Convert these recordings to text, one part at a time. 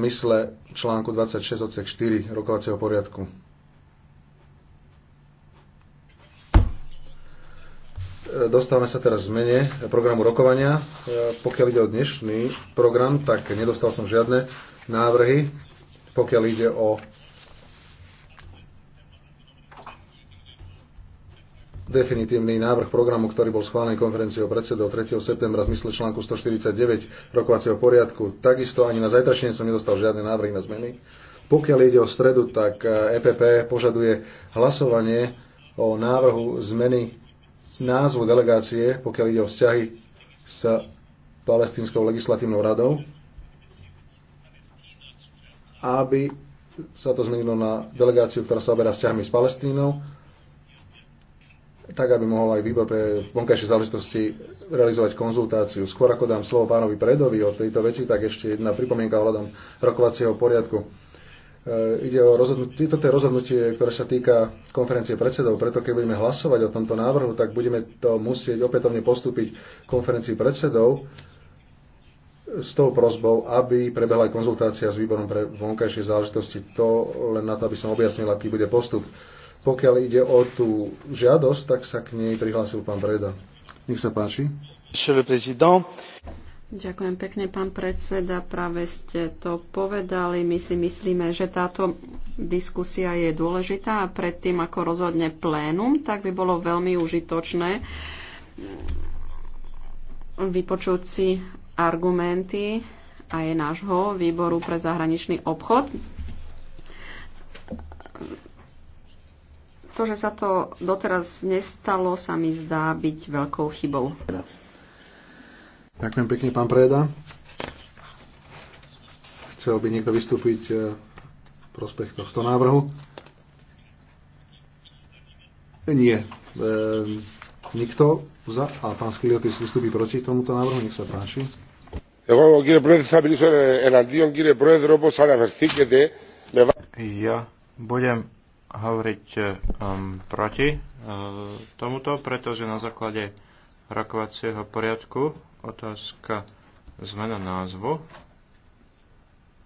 zmysle článku 26 odsek 4 rokovacieho poriadku. E, dostávame sa teraz zmene programu rokovania. E, pokiaľ ide o dnešný program, tak nedostal som žiadne návrhy. Pokiaľ ide o definitívny návrh programu, ktorý bol schválený konferenciou predsedov 3. septembra v zmysle článku 149 rokovacieho poriadku. Takisto ani na zajtračne som nedostal žiadne návrhy na zmeny. Pokiaľ ide o stredu, tak EPP e požaduje hlasovanie o návrhu zmeny názvu delegácie, pokiaľ ide o vzťahy s Palestínskou legislatívnou radou, aby sa to zmenilo na delegáciu, ktorá sa oberá vzťahmi s Palestínou, tak aby mohol aj výbor pre vonkajšie záležitosti realizovať konzultáciu. Skôr ako dám slovo pánovi Predovi o tejto veci, tak ešte jedna pripomienka ohľadom rokovacieho poriadku. E, ide o rozhodnutie, toto je rozhodnutie, ktoré sa týka konferencie predsedov, preto keď budeme hlasovať o tomto návrhu, tak budeme to musieť opätovne postúpiť konferencii predsedov s tou prozbou, aby prebehla aj konzultácia s výborom pre vonkajšie záležitosti. To len na to, aby som objasnil, aký bude postup. Pokiaľ ide o tú žiadosť, tak sa k nej prihlásil pán Preda. Nech sa páči. Ďakujem pekne, pán predseda. Práve ste to povedali. My si myslíme, že táto diskusia je dôležitá a predtým, ako rozhodne plénum, tak by bolo veľmi užitočné vypočuť si argumenty aj nášho výboru pre zahraničný obchod to, že sa to doteraz nestalo, sa mi zdá byť veľkou chybou. Ďakujem pekne, pán Preda. Chcel by niekto vystúpiť eh, v prospech tohto návrhu? Eh, nie. E, nikto za a pán Skiliotis vystúpi proti tomuto návrhu, nech sa práči. Ja budem hovoriť eh, um, proti uh, tomuto, pretože na základe rokovacieho poriadku otázka zmena názvu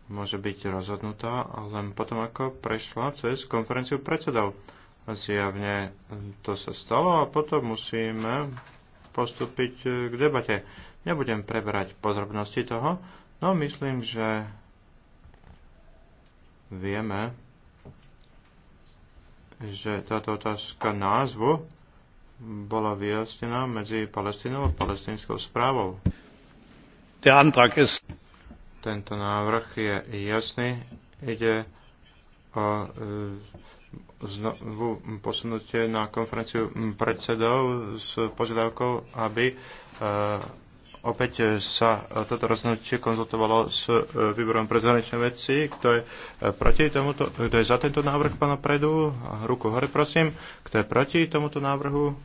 môže byť rozhodnutá len potom, ako prešla cez konferenciu predsedov. Zjavne to sa stalo a potom musíme postúpiť eh, k debate. Nebudem preberať podrobnosti toho, no myslím, že vieme, že táto otázka názvu bola vyjasnená medzi Palestínou a palestínskou správou. Tento návrh je jasný. Ide o e, znovu posunutie na konferenciu predsedov s požiadavkou, aby e, Opäť e, sa e, toto rozhodnutie konzultovalo s e, výborom pre zahraničné veci, kto je proti tomuto, kto je za tento návrh pána Predu. Ruku hore prosím. Kto je proti tomuto návrhu?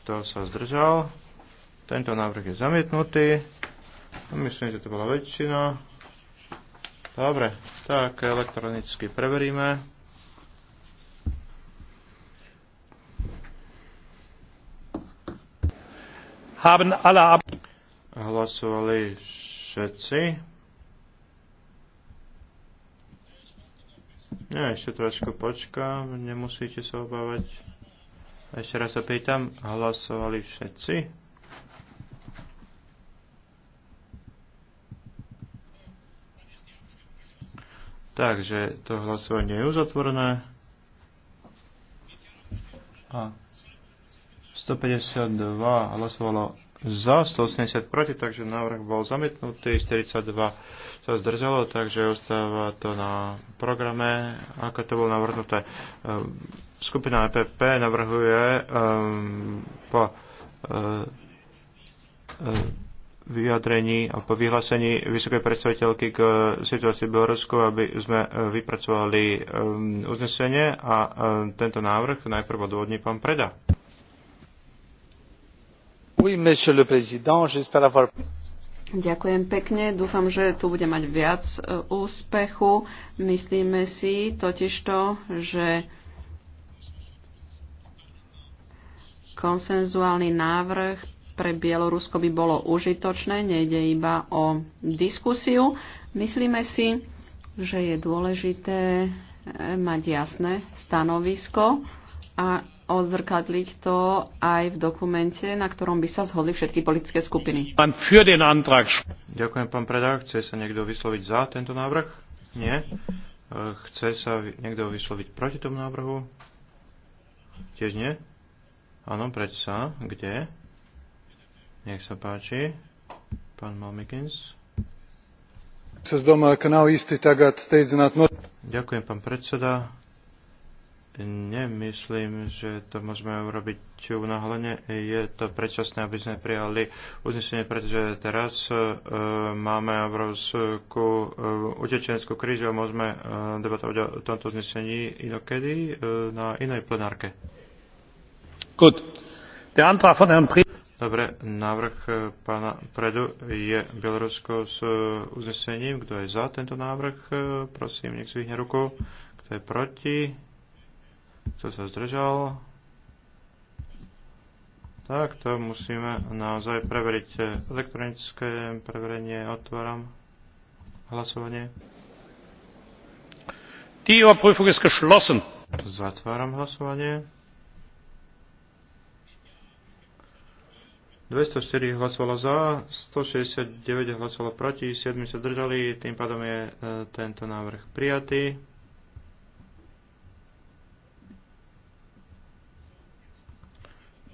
Kto sa zdržal? Tento návrh je zamietnutý. Myslím, že to bola väčšina. Dobre, tak elektronicky preveríme. haben alle ab Hlasovali všetci. Ja ešte trošku počkám, nemusíte sa obávať. Ešte raz sa pýtam, hlasovali všetci? Takže to hlasovanie je uzatvorené. A 152 hlasovalo za, 180 proti, takže návrh bol zamietnutý, 42 sa zdržalo, takže ostáva to na programe, ako to bolo navrhnuté. Ehm, skupina EPP navrhuje um, po uh, vyjadrení a po vyhlásení vysokej predstaviteľky k situácii v Bielorusku, aby sme e, vypracovali uznesenie a tento návrh najprv odvodní pán Preda monsieur le président, j'espère avoir... Ďakujem pekne, dúfam, že tu bude mať viac e, úspechu. Myslíme si totižto, že konsenzuálny návrh pre Bielorusko by bolo užitočné, nejde iba o diskusiu. Myslíme si, že je dôležité e, mať jasné stanovisko a odzrkadliť to aj v dokumente, na ktorom by sa zhodli všetky politické skupiny. Ďakujem, pán Predák. Chce sa niekto vysloviť za tento návrh? Nie. E, chce sa niekto vysloviť proti tomu návrhu? Tiež nie? Áno, sa? Kde? Nech sa páči. Pán Malmikins. Ďakujem, pán predseda nemyslím, že to môžeme urobiť unáhlene. Je to predčasné, aby sme prijali uznesenie, pretože teraz e, máme obrovskú e, utečenskú krízu a môžeme e, debatovať o tomto uznesení inokedy e, na inej plenárke. Good. The Antrag von Herrn Dobre, návrh e, pána Predu je Bielorusko s e, uznesením. Kto je za tento návrh? E, prosím, nech zvihne ruku. Kto je proti? Kto sa zdržal? Tak, to musíme naozaj preveriť. Elektronické preverenie otváram. Hlasovanie. Die Überprüfung ist geschlossen. Zatváram hlasovanie. 204 hlasovalo za, 169 hlasovalo proti, 7 sa držali, tým pádom je e, tento návrh prijatý.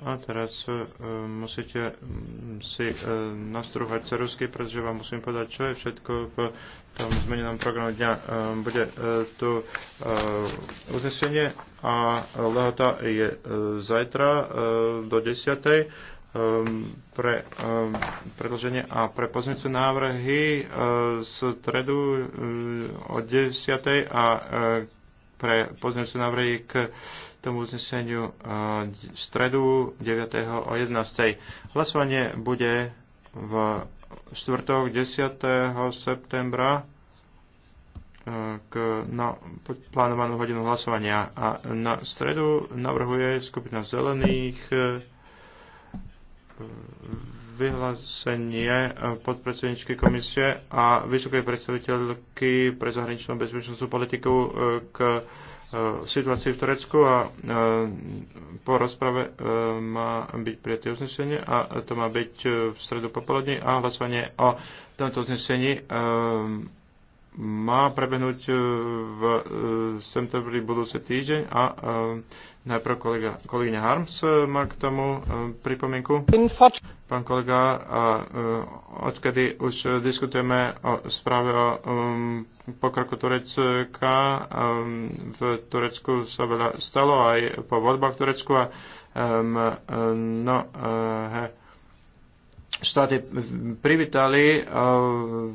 A teraz uh, musíte um, si uh, nastruhať cerusky, pretože vám musím povedať, čo je všetko v tom zmenenom programu dňa. Um, bude uh, tu uh, uznesenie a lehota je uh, zajtra uh, do 10. Um, pre um, predloženie a pre pozmeňujúce návrhy uh, z tredu uh, od 10. a uh, pre pozmeňujúce návrhy k uh, tomu uzneseniu v e, stredu 9. o 11. Hlasovanie bude v štvrtok 10. septembra e, k, na plánovanú hodinu hlasovania. A na stredu navrhuje skupina zelených e, vyhlásenie podpredsedničky komisie a vysokej predstaviteľky pre zahraničnú bezpečnostnú politiku k Eh, situácii v Turecku a eh, po rozprave eh, má byť prijaté uznesenie a to má byť v stredu popoludní a hlasovanie o tomto uznesení má prebehnúť v septembri budúci týždeň a Najprv kolega, kolegyňa Harms e, má k tomu e, pripomienku. Pán kolega, a, e, odkedy už diskutujeme o správe o um, pokroku Turecka, um, v Turecku sa veľa stalo aj po voľbách Turecku a um, no, uh, he, štáty privítali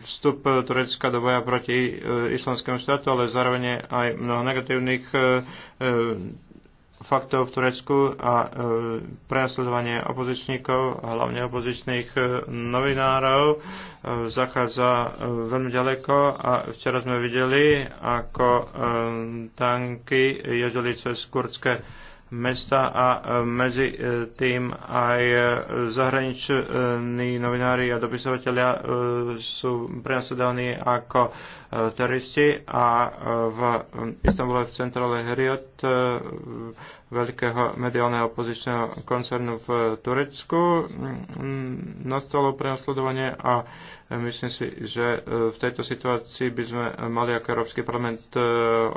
vstup Turecka do boja proti uh, islamskému štátu, ale zároveň aj mnoho negatívnych uh, faktov v Turecku a e, prenasledovanie opozičníkov, hlavne opozičných e, novinárov, e, zachádza veľmi ďaleko a včera sme videli, ako tanky jazdili cez kurdské mesta a e, medzi e, tým aj e, zahraniční novinári a dopisovateľia sú prenasledovaní ako teroristi a v Istambule v centrále Heriot veľkého mediálneho opozičného koncernu v Turecku nastalo prenasledovanie a Myslím si, že e, v tejto situácii by sme mali ako Európsky parlament e,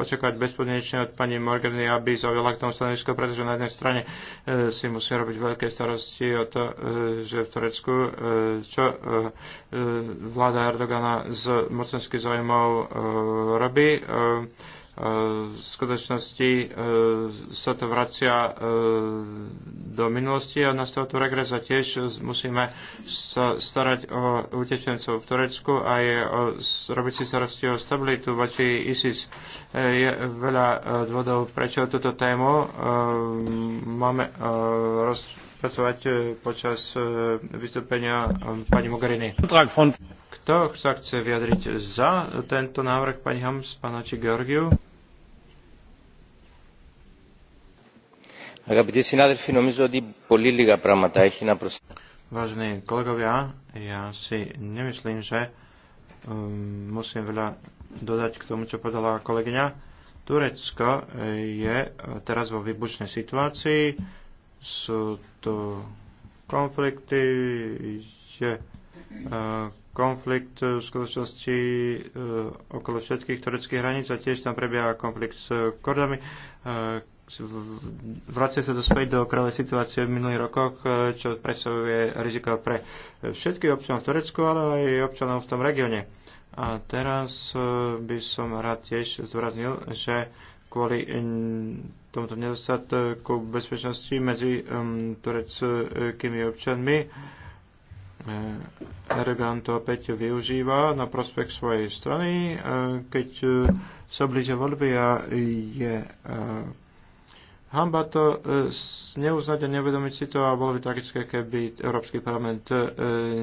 očakávať bezpodmienečne od pani Morgany, aby zaujala k tomu stanovisko, pretože na jednej strane e, si musí robiť veľké starosti o to, že v Turecku, čo vláda Erdogana z mocenských záujmov robí, v skutočnosti e, sa to vracia e, do minulosti a nastal tu regres a tiež musíme sa starať o utečencov v Turecku a je o, robiť si starosti o stabilitu voči ISIS. E, je veľa dôvodov, prečo túto tému máme rozpracovať počas vystúpenia pani Mogherini. Kto sa chce vyjadriť za tento návrh, pani Hams, pána či Georgiu? Vážení kolegovia, ja si nemyslím, že um, musím veľa dodať k tomu, čo povedala kolegyňa. Turecko je teraz vo výbušnej situácii, sú tu konflikty, je uh, konflikt v skutočnosti uh, okolo všetkých tureckých hraníc a tiež tam prebieha konflikt s Kordami, uh, vracia sa dospäť do kravej situácie v minulých rokoch, e, čo predstavuje riziko pre všetkých občanov v Turecku, ale aj občanov v tom regióne. A teraz e, by som rád tiež zdôraznil, že kvôli e, tomuto nedostatku bezpečnosti medzi tureckými občanmi Erdogan to opäť využíva na prospech svojej strany, keď sa blíže voľby a je Hamba to e, neuznať a nevedomiť si to a bolo by tragické, keby Európsky parlament e,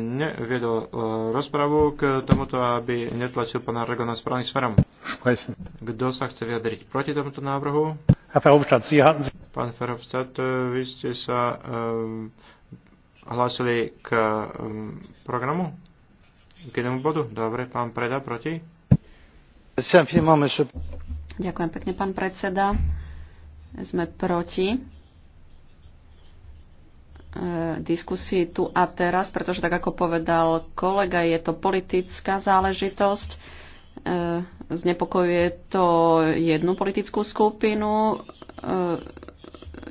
neviedol e, rozpravu k tomuto, aby netlačil pána Regona správnym smerom. Kto sa chce vyjadriť proti tomuto návrhu? Pán Verhofstadt, e, vy ste sa e, hlásili k e, programu? K jednému bodu? Dobre, pán Preda proti? Ďakujem pekne, pán predseda. Sme proti e, diskusii tu a teraz, pretože tak ako povedal kolega, je to politická záležitosť. E, znepokojuje to jednu politickú skupinu e,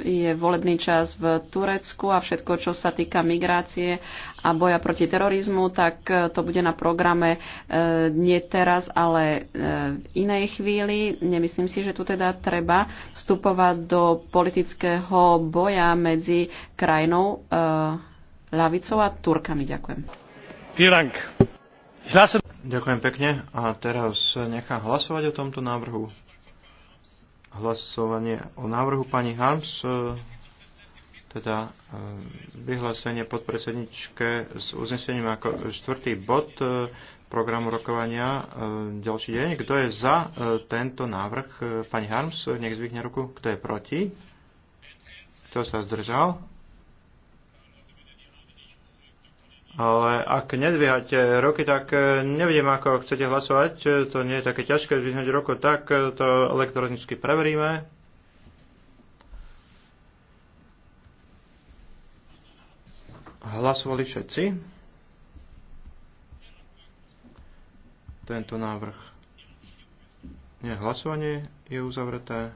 je volebný čas v Turecku a všetko, čo sa týka migrácie a boja proti terorizmu, tak e, to bude na programe e, nie teraz, ale e, v inej chvíli. Nemyslím si, že tu teda treba vstupovať do politického boja medzi krajinou ľavicou a Turkami. Ďakujem. Ďakujem pekne a teraz nechám hlasovať o tomto návrhu hlasovanie o návrhu pani Harms, e, teda e, vyhlásenie podpredsedničke s uznesením ako štvrtý bod e, programu rokovania ďalší deň. Kto je za tento návrh? Pani Harms, nech zvykne ruku. Kto je proti? Kto sa zdržal? Ale ak nezvíhate roky, tak e, nevidím, ako chcete hlasovať. E, to nie je také ťažké zvíhať roku, tak e, to elektronicky preveríme. Hlasovali všetci. Tento návrh. Nie, hlasovanie je uzavreté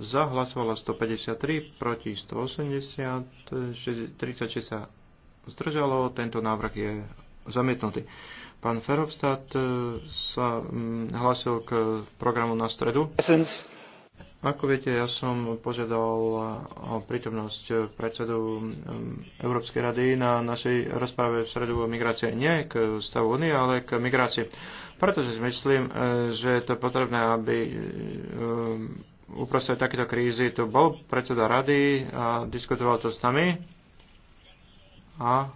za hlasovalo 153, proti 180, 36 sa zdržalo, tento návrh je zamietnutý. Pán Ferovstad e, sa hlasil k programu na stredu. Ako viete, ja som požiadal o prítomnosť predsedu Európskej rady na našej rozprave v stredu o migrácie. Nie k stavu Unii, ale k migrácii. Pretože si myslím, e, že je to potrebné, aby e, uprostred takéto krízy tu bol predseda rady a diskutoval to s nami. A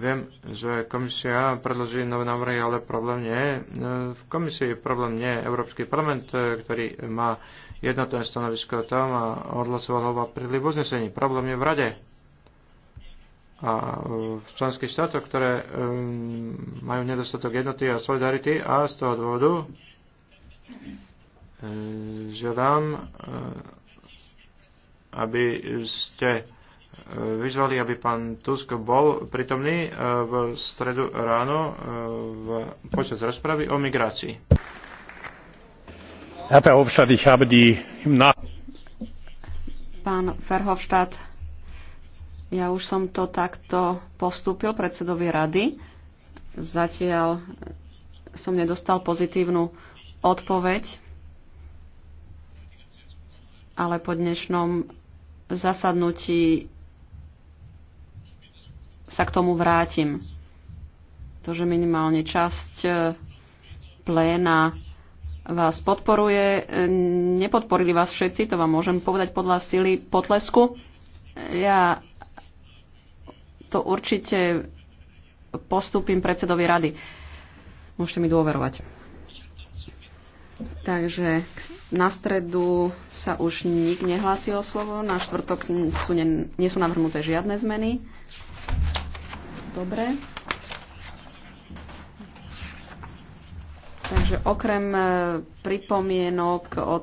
Viem, že komisia predloží nové návrhy, ale problém nie je. V komisii problém nie je Európsky parlament, ktorý má jednotné stanovisko tam a odhlasoval ho v uznesení. Problém je v rade a v členských štátoch, ktoré um, majú nedostatok jednoty a solidarity a z toho dôvodu Eh, žiadam, eh, aby ste eh, vyzvali, aby pán Tusk bol pritomný v stredu ráno v, počas rozpravy o migrácii. Pán Ferhofštát, ja už som to takto postúpil predsedovi rady. Zatiaľ som nedostal pozitívnu odpoveď, ale po dnešnom zasadnutí sa k tomu vrátim. To, že minimálne časť e, pléna vás podporuje, e, nepodporili vás všetci, to vám môžem povedať podľa sily potlesku. Ja to určite postúpim predsedovi rady. Môžete mi dôverovať. Takže na stredu sa už nik nehlási o slovo, na štvrtok sú ne, nie sú navrhnuté žiadne zmeny. Dobre. Takže okrem e, pripomienok od